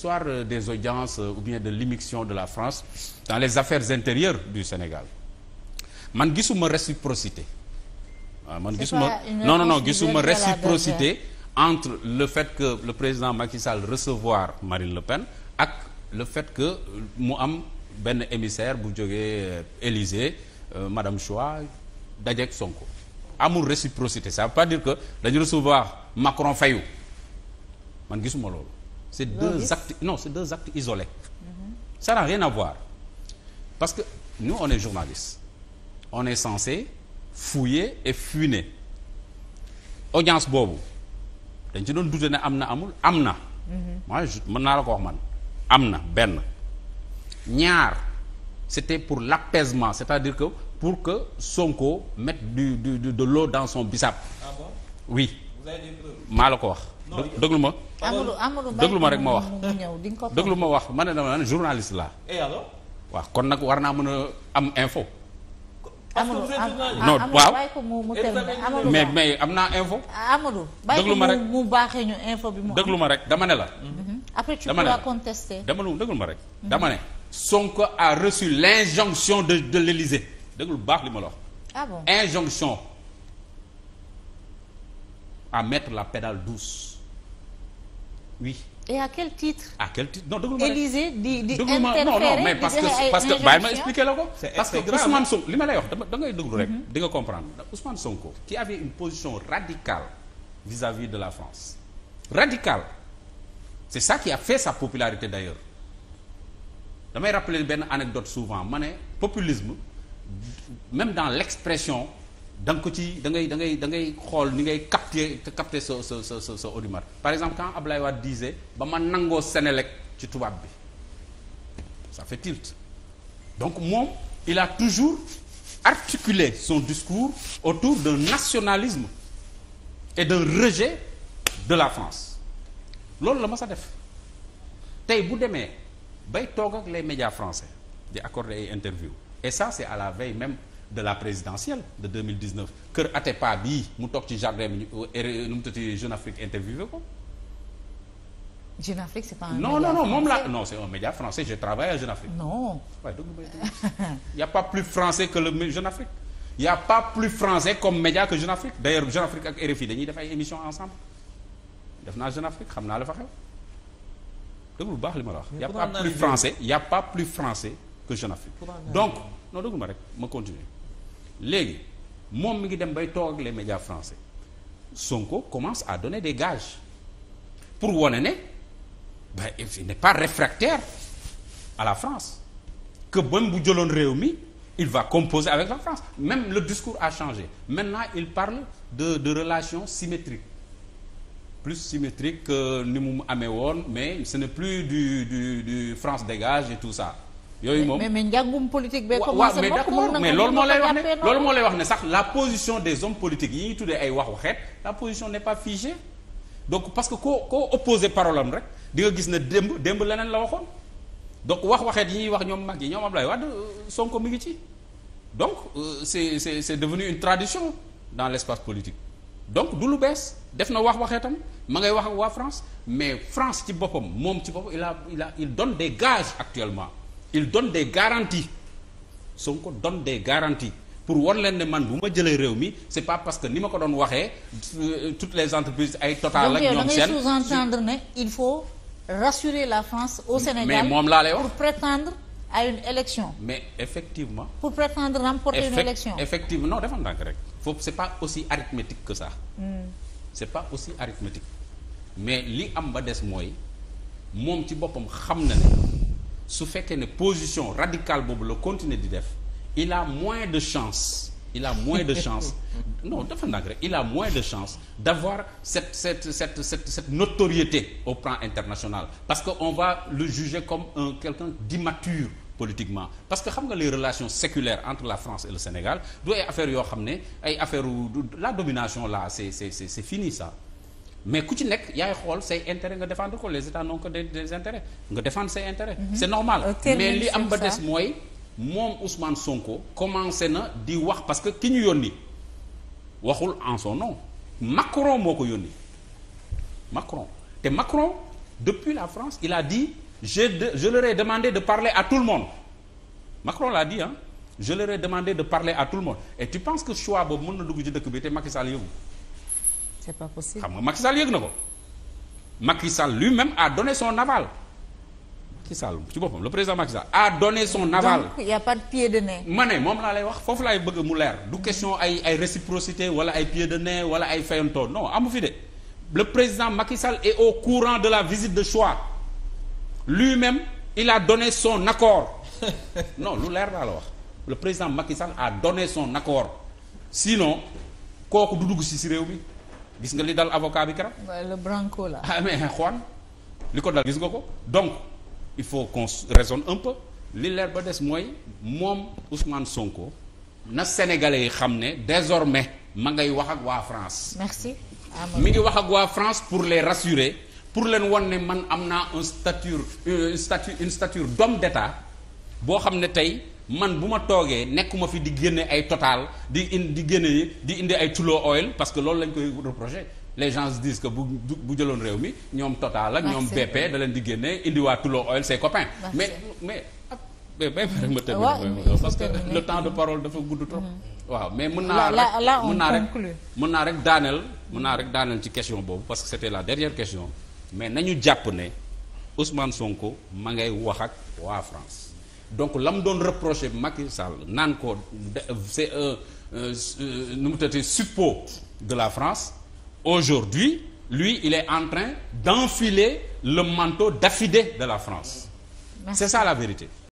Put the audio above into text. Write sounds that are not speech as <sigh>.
l'histoire euh, des audiences euh, ou bien de l'immixtion de la France dans les affaires intérieures du Sénégal man gisuma réciprocité waaw ah, man gisuma non non non gisuma réciprocité entre le fait que le président Macky Sall recevoir Marine Le Pen ak le fait que mu am benn émissaire bu jógee euh, Élysée madame Choua dajeek Sonko amul réciprocité ça veut pas dire que dañu recevoir Macron fayu man gisuma loolu c'est deux actes non c'est deux actes isolés ça rien à voir parce que nous on est journaliste on est censé fouiller et funer audience boobu dañ ci doon dute ne am na amul am na mhm. moi naa la ko wax man am na benn ñaar c'était pour l'apaisement c'est-à-dire que pour que Sonko mette du, de l'eau dans son bissap ah maa la ko wax. dëglu ma. dëglu ma rek ma wax. dëglu ma wax ma ne dama naan journaliste laa. waaw kon nag war naa mën a am info. Amadou non mais mais am naa info. Amadou lu ma rek mu baaxee ñu info bi mu. dëglu ma rek dama ne la. Mhm. après tu pourras contester. dama ne dëglu ma rek. Mhm. dama ne sonk a reçu l' injonction de de l' Élysée dëglu baax li ma la wax. Ah à mettre la pédale douce oui. et à quel titre. à quel titre non déglu ma Élysée di di interférer non non mais parce que parce que bàyyi ma expliquer la ko. parce que Ousmane Sonko li ma lay wax da ngay déglu rek. Mm-hmm. di nga comprendre Ousmane Sonko. ki avait une position radicale vis-à-vis de la France radicale c'est ça qui a fait sa popularité d'ailleurs damay rappeler benn anecdote souvent ma ne populisme même dans l'expression da ko ci dangay ngay da ngay da ngay xool ni ngay capter capter sa sa sa sa audimat par exemple quand Ablaye Wade disait ba ma nangoo Sénélec ci tubaab bi ça fait donc moom il a toujours articulé son discours autour de nationalisme et de rejet de la France loolu la ma sa def tey bu demee bay toog ak lay médias français di accorder ay interview et ça c'est à la veille même de la présidentielle de 2019 Kër Atepa bii mu toog ci jardin bi euh, er, nu mu tëddee Jeune Afrique interviewé ko. Jeune Afrique c'est non non non moom la non c'est un média français j'ai travaillé à Jeune Afrique. non waaye <laughs> y a pas plus français que Jeune Afrique. y a pas plus français comme média que Jeune Afrique d'ailleurs Jeune Afrique ak RFI dañuy def ay ensemble def na Jeune Afrique xam naa la fa xew dëgg baax li ma la wax. il y a pas plus français il y a pas plus français que donc non rek ma léegi moom mi ngi dem bay toog ak les médias français Sonko commence à donner des gages pour wane ne ba il n'est pas réfractaire à la France que bam bu jëloon réew mi il va composer avec la France même le discours a changé maintenant il parle de de relations symétriques plus symétrique que ni mu amee woon mais ce n'est plus du du du France dégage et tout ça yooyu moom mais mais njàngum politique bee. commencé bokk mais loolu moo lay wax ne loolu moo lay wax ne sax la position des hommes politiques yi ñuy tuddee ay waxu xeet la position n'est pas figée donc parce que ko ko opposé parole am rek di nga gis na démb démb leneen la waxoon donc wax waxeet yi ñuy wax ñoom mag yi ñoom Ablaye Wade euh, Sonko mi ngi ci donc euh, c'est c'est c'est devenu une tradition dans l'espace politique donc du lu bees def na wax waxeetam ma ngay wax waa France mais France ci boppam moom ci boppam il a il a des gages actuellement. il donne des garanties Sonko donne des garanti pour wan leen ne man bu ma jëlee réew mi c'est pas parce que ni ma ko doon waxee euh, toutes les entreprises ay Total ak ñoom seen donc sous-entendre ne il faut rassurer la France au Sénégal mais moom laa lay wax pour prétendre à une élection mais effectivement pour prétendre remporter une élection effectivement non defal ndànk rek foofu c'est pas aussi arithmétique que ça hmm. c'est pas aussi arithmétique mais li am ba des mooy moom ci boppam xam na su fekkee ne position radicale boobu la continuer di def il a moins de chance il a moins de chance <laughs> non dafa ndànk rek il a moins de chance d'avoir cette cette cette cette cette notoriété au plan international parce que on va le juger comme un quelqu'un d'immature politiquement parce que xam nga les relations séculaires entre la France et le Sénégal du ay affaires yoo xam ne ay affaire la domination la c'est c'est c'est fini ça mais ku ci nekk yaay xool say intérêt nga défendre ko les états n'ont des, des nga défendre say intérêts mm -hmm. c'est normal euh, mais li am ba des mooy moom Ousmane Sonko commencé na di wax parce que ki ñu yónni waxul en son nom Macron moo ko yónni Macron te Macron depuis la France il a dit je de, je leur ai demandé de parler à tout le monde Macron l'a di hein je leur ai demandé de parler à tout le monde et tu penses que choix boobu mën na dugg ci dëkk bi te Macky Sall c'est pas possible xam nga Macky Sall yëg na ko Macky Sall lui-même a donné son aval Macky ci boppam le président Macky Sall a donné son aval donc ma moom laa lay wax foofu laay bëgg mu leer du question ay ay réciprocité wala ay pied de nez wala ay fayantoo non amu fi de le président Macky Sall est au courant de la visite de choix lui-même il a donné son accord <laughs> non lu leer laa la wax le président Macky Sall a donné son accord sinon kooku du dugg si si réew mi. gis nga li dal avocat bi keroog. le branco là. ah li ko dal gis nga ko donc il faut qu'on raisonne un peu li leer ba des mooy moom Ousmane Sonko na sénégalais yi xam ne désormais ma ngay wax ak waa France. merci mi ngi wax ak waa France pour les rassurer pour leen won ne man am naa un stature euh, une stature une stature d'homme d'État boo xam ne tey. man bu ma toogee nekkuma fi di génne ay total di in di génne di indi ay tulo oil parce que loolu lañ koy reproché les gens se bu bu jëloon réew mi ñoom total ak ñoom BP da leen di génne indi waa tulo oil ses copains mais mais bay ma rek ma terminer parce que le temps de parole dafa gudd trop mm-hmm. waaw mais mën naa rek mën naa rek mën naa rek daaneel mun naa rek daaneel ci question boobu parce que c'était la dernière question mais nañu jàpp ne Ousmane Sonko ma ngay wax ak waa France donc la mu doon reproché Macky Sall naan ko c'est un euh, nu mu tëddee suppôt de la France aujourd'hui lui il est en train d'enfiler le manteau d'affidé de la France c'est ça la vérité